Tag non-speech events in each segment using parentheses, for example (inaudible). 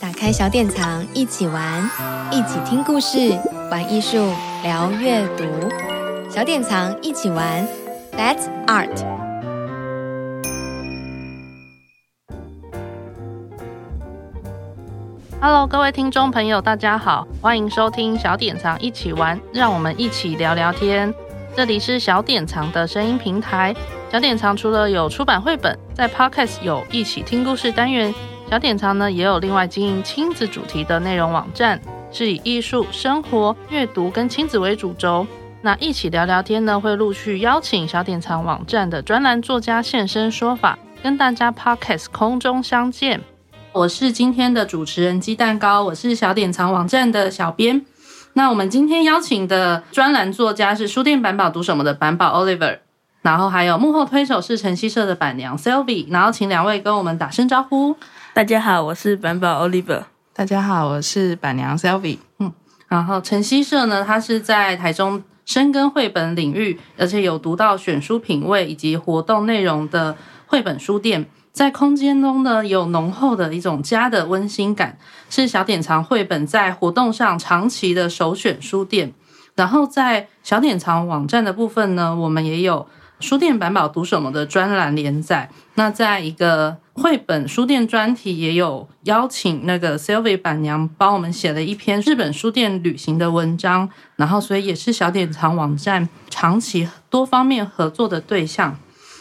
打開小典藏，一起玩，一起聽故事，玩藝術，聊閱讀。小典藏一起玩 (noise) ，That's Art。Hello，各位聽眾朋友，大家好，歡迎收聽小典藏一起玩，讓我們一起聊聊天。這裡是小典藏的聲音平台。小典藏除了有出版繪本，在 Podcast 有一起聽故事單元。小典藏呢，也有另外經營親子主題的內容網站，是以藝術、生活、閱讀跟親子為主軸。那藝起聊聊天呢，會陸續邀請小典藏網站的專欄作家現身說法，跟大家 Podcast 空中相見。我是今天的主持人雞蛋糕，我是小典藏網站的小編。那我們今天邀請的專欄作家是書店闆寶讀什麼的闆寶 Oliver。然後還有幕後推手是晨熹社的闆娘 Sylvie，然後請兩位跟我們打聲招呼。大家好，我是闆寶 Oliver。大家好，我是闆娘 Sylvie。嗯，然後晨熹社呢，它是在台中深耕繪本領域，而且有獨到選書品味以及活動內容的繪本書店，在空間中呢有濃厚的一種家的溫馨感，是小典藏繪本在活動上長期的首選書店。然後在小典藏網站的部分呢，我們也有。書店闆寶讀什麼的專欄連載，那在一個繪本書店專題也有邀請那個 Sylvie 闆娘幫我們寫了一篇日本書店旅行的文章，然後所以也是小典藏網站長期多方面合作的對象。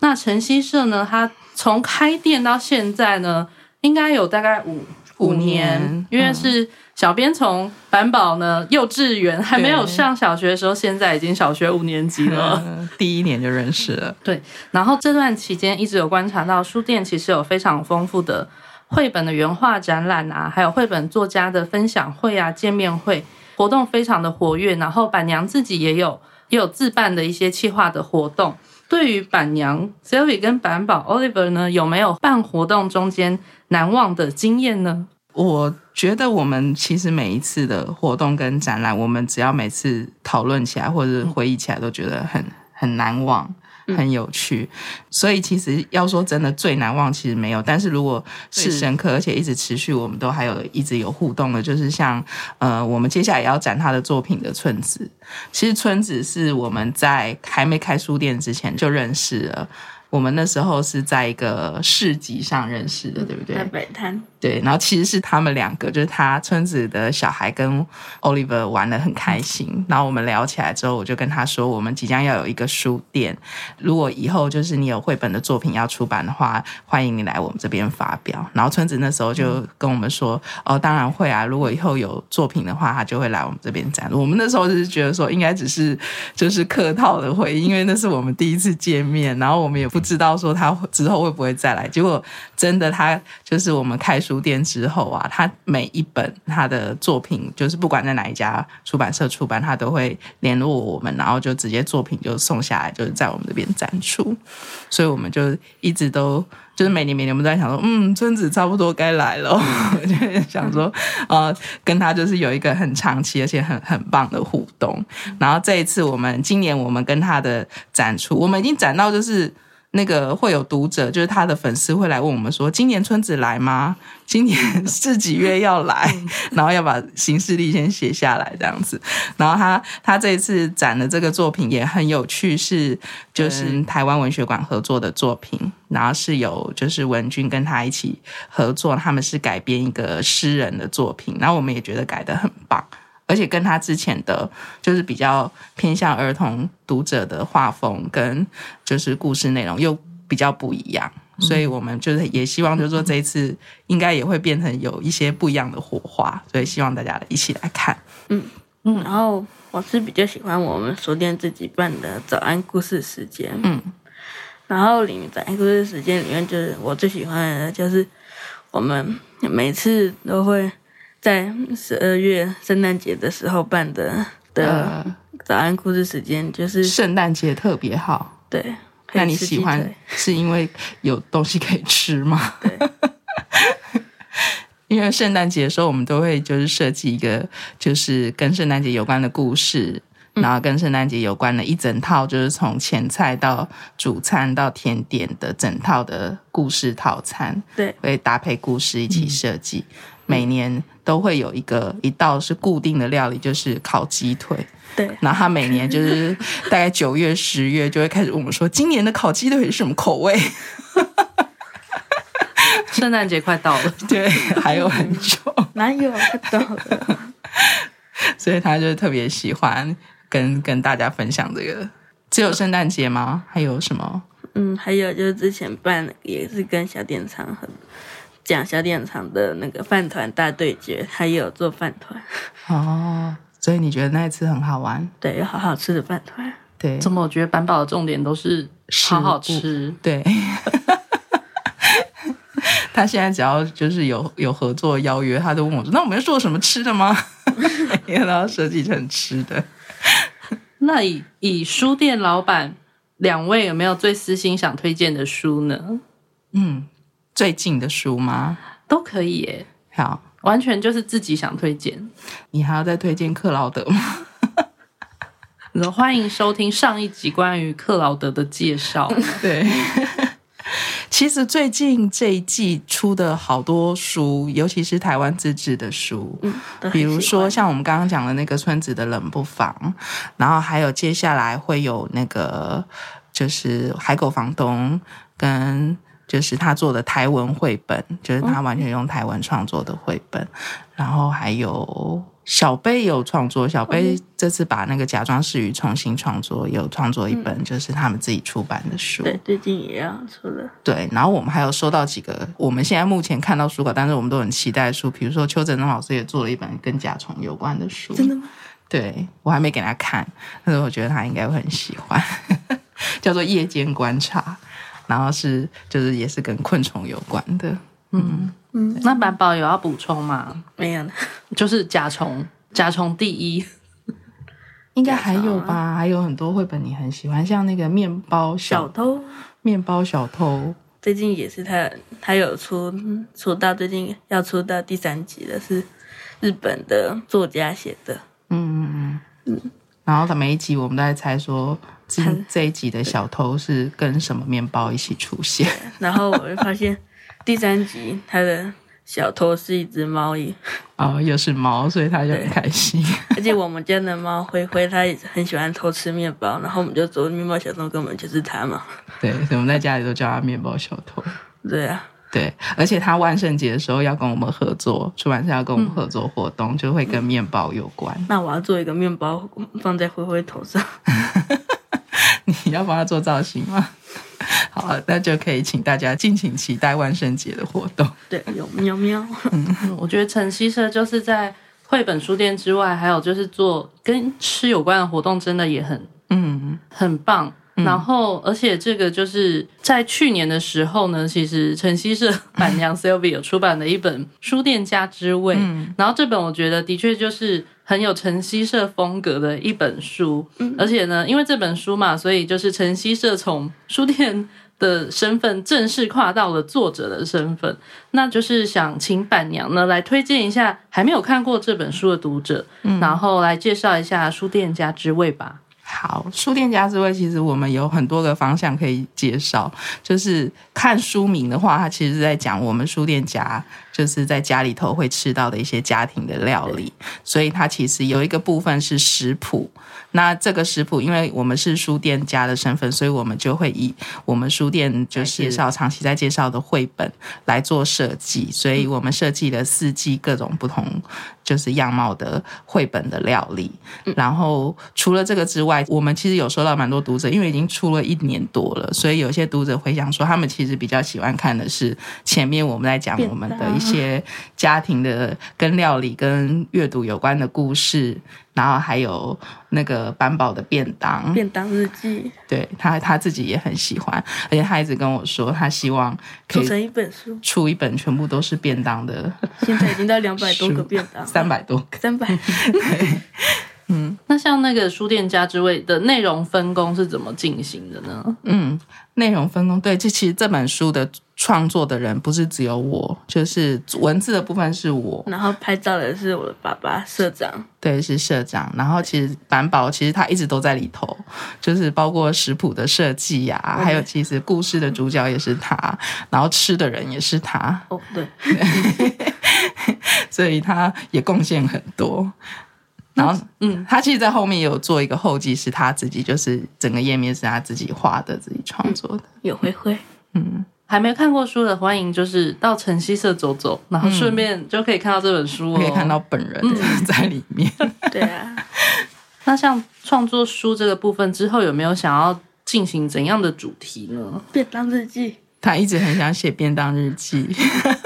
那晨熹社呢，它從開店到現在呢，應該有大概五。五年，因為是小編從板寶呢幼稚園還沒有上小學的時候，現在已經小學五年級了，第一年就認識了。對，然後這段期間一直有觀察到，書店其實有非常豐富的繪本的原畫展覽啊，還有繪本作家的分享會啊、見面會活動，非常的活躍。然後板娘自己也有也有自辦的一些企劃的活動。對於板娘 Sylvie 跟板寶 Oliver 呢，有沒有辦活動中間難忘的經驗呢？我覺得我們其實每一次的活動跟展覽，我們只要每次討論起來或者回憶起來，都覺得很很難忘。很有趣，所以其實要說真的最難忘，其實沒有。但是如果是深刻而且一直持續，我們都還有一直有互動的，就是像呃，我們接下來要展他的作品的村子。其實村子是我們在還沒開書店之前就認識了。我們那時候是在一個市集上認識的，對不對？在擺攤。對，然後其實是他們兩個，就是他村子的小孩跟 Oliver 玩得很開心，嗯。然後我們聊起來之後，我就跟他說，我們即將要有一個書店，如果以後就是你有繪本的作品要出版的話，歡迎你來我們這邊發表。然後村子那時候就跟我們說，嗯、哦，當然會啊，如果以後有作品的話，他就會來我們這邊展。我們那時候就是覺得說，應該只是就是客套的會，因為那是我們第一次見面，然後我們也不。知道說他之後會不會再來？結果真的，他就是我們開書店之後啊，他每一本他的作品，就是不管在哪一家出版社出版，他都會聯絡我們，然後就直接作品就送下來，就是在我們這邊展出。所以我們就一直都就是每年每年，我們都在想說，嗯，村子差不多該來了， (laughs) 就想說，呃，跟他就是有一個很長期而且很很棒的互動。然後這一次，我們今年我們跟他的展出，我們已經展到就是。那個會有讀者，就是他的粉絲會來問我們說，今年春子來嗎？今年是幾月要來？ (laughs) 然後要把行事歷先寫下來這樣子。然後他他這次展的這個作品也很有趣，是就是台灣文學館合作的作品、嗯，然後是有就是文君跟他一起合作，他們是改編一個詩人的作品，然後我們也覺得改得很棒。而且跟他之前的，就是比較偏向兒童讀者的畫風跟就是故事內容又比較不一樣。嗯，所以我們就是也希望，就是說這一次應該也會變成有一些不一樣的火花，所以希望大家一起來看。嗯嗯，然後我是比較喜歡我們書店自己辦的早安故事時間。嗯，然後裡面早安故事時間裡面，就是我最喜歡的就是我們每次都會。在十二月聖誕節的時候辦的的早安故事時間，就是聖誕節特別號。對，那你喜歡是因為有東西可以吃嗎？對， (laughs) 因為聖誕節的時候，我們都會就是設計一個，就是跟聖誕節有關的故事。然後跟聖誕節有關的一整套，就是從前菜到主餐到甜點的整套的故事套餐。對，會搭配故事一起設計。嗯，每年都會有一個一道是固定的料理，就是烤雞腿。對。然後他每年就是大概九月十月就會開始問我說，我們說今年的烤雞腿是什麼口味？ (laughs) 聖誕節快到了，對，還有很久，哪有快到了？ (laughs) 所以他就特別喜歡。跟跟大家分享這個，只有聖誕節嗎？ (laughs) 還有什麼？嗯，還有就是之前辦，也是跟小典藏很，講小典藏的那個飯糰大對決，還有做飯糰。哦，所以你覺得那一次很好玩？對，有好好吃的飯糰。對，怎麼我覺得闆寶的重點都是好好吃。對， (laughs) 他現在只要就是有有合作邀約，他就問我說：“那我們要做什麼吃的嗎？”因為都要設計成吃的。那以以書店老闆兩位有沒有最私心想推薦的書呢？嗯，最近的書嗎？都可以耶、欸。好，完全就是自己想推薦。你還要再推薦克勞德嗎？ (laughs) 歡迎收聽上一集關於克勞德的介紹。 (laughs) 對。其實最近這一季出的好多書，尤其是台灣自製的書，嗯、比如說像我們剛剛講的那個《村子的冷不防》，然後還有接下來會有那個就是海狗房東跟就是他做的台文繪本，就是他完全用台文創作的繪本，嗯、然後還有。小貝有創作，小貝這次把那個《甲蟲詩語》重新創作，有創作一本、嗯，就是他們自己出版的書。對，最近也要出了。對，然後我們還有收到幾個，我們現在目前看到書稿，但是我們都很期待的書。比如說，邱承宗老師也做了一本跟甲蟲有關的書。真的嗎？對，我還沒給他看，但是我覺得他應該會很喜歡。 (laughs) 叫做《夜間觀察》，然後是就是也是跟昆蟲有關的，嗯。嗯，那板寶有要補充嗎？沒、嗯、有，就是甲蟲，甲蟲第一，啊、應該還有吧，還有很多繪本你很喜歡，像那個麵包小，小偷，麵包小偷，最近也是他，他有出出到最近要出到第三集了，是日本的作家寫的，嗯嗯嗯嗯，然後他每一集我們都在猜說，今這一集的小偷是跟什麼麵包一起出現，然後我就發現。 (laughs) 第三集，他的小偷是一隻貓耶。哦，又是貓，所以他就很開心。而且我們家的貓灰灰，它也很喜歡偷吃面包，然後我們就做面包小偷，根本就是他嘛。對，我們在家裡都叫他面包小偷。對啊。對，而且他萬聖節的時候要跟我們合作，出版社要跟我們合作活動，嗯、就會跟面包有關。那我要做一個麵包，放在灰灰頭上。 (laughs) 你要幫他做造型嗎？好，那就可以，請大家敬請期待萬聖節的活動。對，有喵喵，喵、 (laughs) 嗯。我覺得晨熹社就是在繪本書店之外，還有就是做跟吃有關的活動，真的也很嗯很棒，嗯。然後，而且這個就是在去年的時候呢，其實晨熹社闆 (laughs) 娘 Sylvie 有出版了一本《書店家之味》，嗯，然後這本我覺得的確就是。很有晨熹社風格的一本書，嗯，而且呢，因為這本書嘛，所以就是晨熹社從書店的身份正式跨到了作者的身份。那就是想請板娘呢來推薦一下還沒有看過這本書的讀者，嗯、然後來介紹一下書店家之味吧。好，書店家之味其實我們有很多個方向可以介紹，就是看書名的話，它其實是在講我們書店家。就是在家裡頭會吃到的一些家庭的料理，所以它其實有一個部分是食譜。那這個食譜，因為我們是書店家的身份，所以我們就會以我們書店就是介紹長期在介紹的繪本來做設計。所以我們設計了四季各種不同就是樣貌的繪本的料理。然後除了這個之外，我們其實有收到蠻多讀者，因為已經出了一年多了，所以有些讀者回想說，他們其實比較喜歡看的是前面我們在講我們的。一、嗯、些家庭的跟料理、跟閱讀有關的故事，然後還有那個闆寶的便當、便當日記，對他他自己也很喜歡，而且他一直跟我說，他希望出成一本書，出一本全部都是便當的，現在已經到兩百多個便當了，三百多個，三百。 (laughs) (laughs) 對。那像那個書店家之味的內容分工是怎麼進行的呢？嗯，內容分工對，這其實這本書的創作的人不是只有我，就是文字的部分是我，嗯，然後拍照的是我的爸爸社長，對，是社長。然後其實闆寶其實他一直都在裡頭，就是包括食譜的設計呀，還有其實故事的主角也是他，然後吃的人也是他，哦，對， (laughs) 所以他也貢獻很多。然後嗯，嗯，他其實，在後面有做一個後記是他自己，就是整個頁面是他自己畫的，自己創作的。有灰灰，嗯，還沒看過書的，歡迎就是到晨熹社走走，然後順便就可以看到這本書，哦嗯，可以看到本人在裡面。嗯、 (laughs) 對啊， (laughs) 那像創作書這個部分之後，有沒有想要進行怎樣的主題呢？便當日記，他一直很想寫便當日記。 (laughs)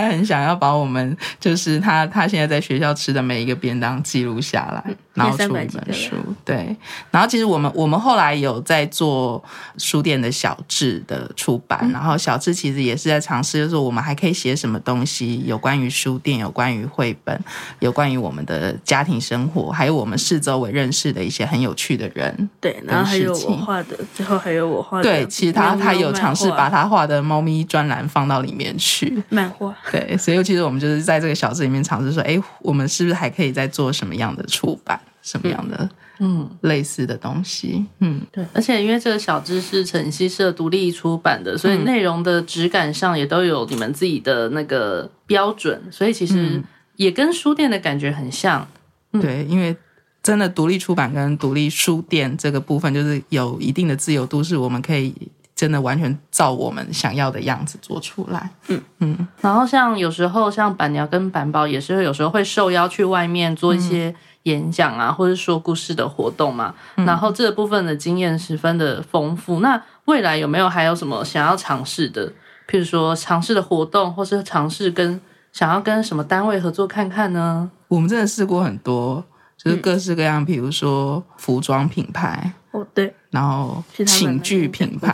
他很想要把我們，就是他他現在在學校吃的每一個便當記錄下來，然後出一本書。對，然後其實我們我們後來有在做書店的小志的出版，然後小志其實也是在嘗試，就是說我們還可以寫什麼東西，有關於書店，有關於繪本，有關於我們的家庭生活，還有我們四周圍認識的一些很有趣的人的。對，然後還有我畫的，最後還有我畫的喵喵。對，其實他他有嘗試把他畫的貓咪專欄放到裡面去漫畫。對，所以其實我們就是在這個小誌裡面嘗試說，哎，我們是不是還可以再做什麼樣的出版，什麼樣的，嗯，類似的東西嗯？嗯，對。而且因為這個小誌是晨熹社獨立出版的，所以內容的質感上也都有你們自己的那個標準，嗯、所以其實也跟書店的感覺很像，嗯。對，因為真的獨立出版跟獨立書店這個部分，就是有一定的自由度，是我們可以。真的完全照我們想要的樣子做出來，嗯嗯。然後像有時候，像闆娘跟闆寶也是會有時候會受邀去外面做一些，嗯、演講啊，或者說故事的活動嘛。嗯、然後這部分的經驗十分的豐富。那未來有沒有還有什麼想要嘗試的？譬如說嘗試的活動，或是嘗試跟想要跟什麼單位合作看看呢？我們真的試過很多，就是各式各樣，比、嗯、如說服裝品牌。哦、oh,，對，然後寢具品牌，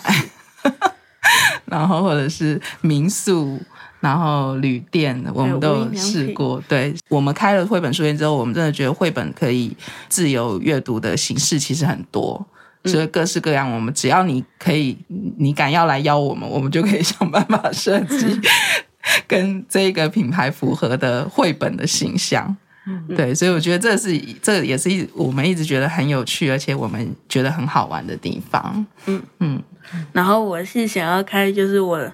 哈哈， (laughs) 然後或者是民宿，然後旅店，有我們都有試過。對，我們開了繪本書店之後，我們真的覺得繪本可以自由閱讀的形式其實很多，所、嗯、以、就是、各式各樣。我們只要你可以，你敢要來邀我們，我們就可以想辦法設計 (laughs) 跟這個品牌符合的繪本的形象。嗯、對，所以我覺得這是，這也是一我們一直覺得很有趣，而且我們覺得很好玩的地方。嗯嗯。然後我是想要開，就是我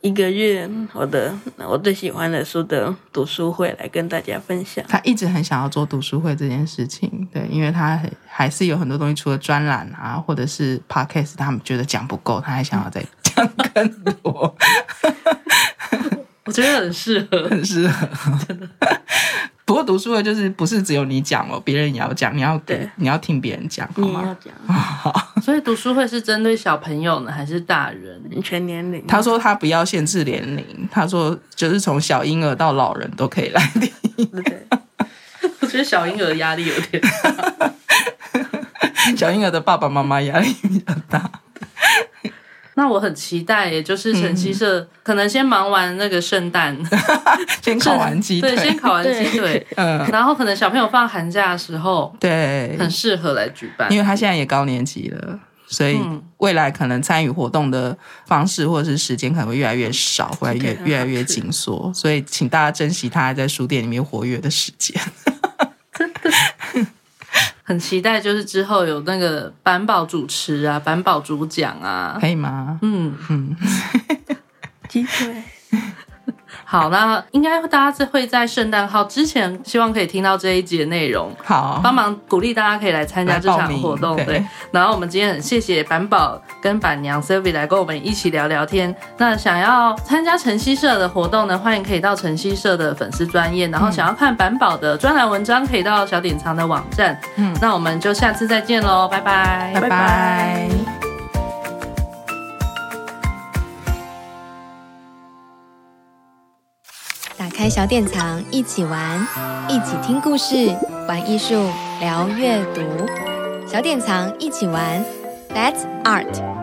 一個月我的我最喜歡的書的讀書會，來跟大家分享。他一直很想要做讀書會這件事情，對，因為他還是有很多東西，除了專欄啊，或者是 podcast，他們覺得講不夠，他還想要再講更多。 (laughs) (laughs) (laughs) 我覺得很適合，很適合，真的。不過讀書會就是不是只有你講哦，別人也要講，你要對，你要聽別人講，好嗎？你要講，好，好。所以讀書會是針對小朋友呢，還是大人？全年齡。他說他不要限制年齡，他說就是從小嬰兒到老人都可以來聽。對對對 (laughs) 我覺得小嬰兒壓力有點大， (laughs) 小嬰兒的爸爸媽媽壓力比較大。 (laughs) 那我很期待耶，也就是晨熹社可能先忙完那個聖誕。 (laughs) 先烤完，完雞腿，對，先烤完雞腿，嗯，然後可能小朋友放寒假的時候，對，很適合來舉辦，因為他現在也高年級了，所以未來可能參與活動的方式或者是時間可能會越來越少，會越越來越緊縮，所以請大家珍惜他還在書店裡面活躍的時間。 (laughs) 真的很期待，就是之後有那個闆寶主持啊，闆寶主講啊，可以嗎？嗯嗯， (laughs) 雞腿。好，那應該大家是會在聖誕號之前，希望可以聽到這一集的內容。好，幫忙鼓勵大家可以來參加這場活動對。對，然後我們今天很謝謝闆寶跟闆娘 Sylvie 來跟我們一起聊聊天。那想要參加晨熹社的活動呢，歡迎可以到晨熹社的粉絲專頁，然後想要看闆寶的專欄文章，可以到小典藏的網站。嗯，那我們就下次再見嘍，拜拜，拜拜。Bye bye 小典藏一起玩，一起聽故事，玩藝術，聊閱讀。小典藏一起玩 That's Art。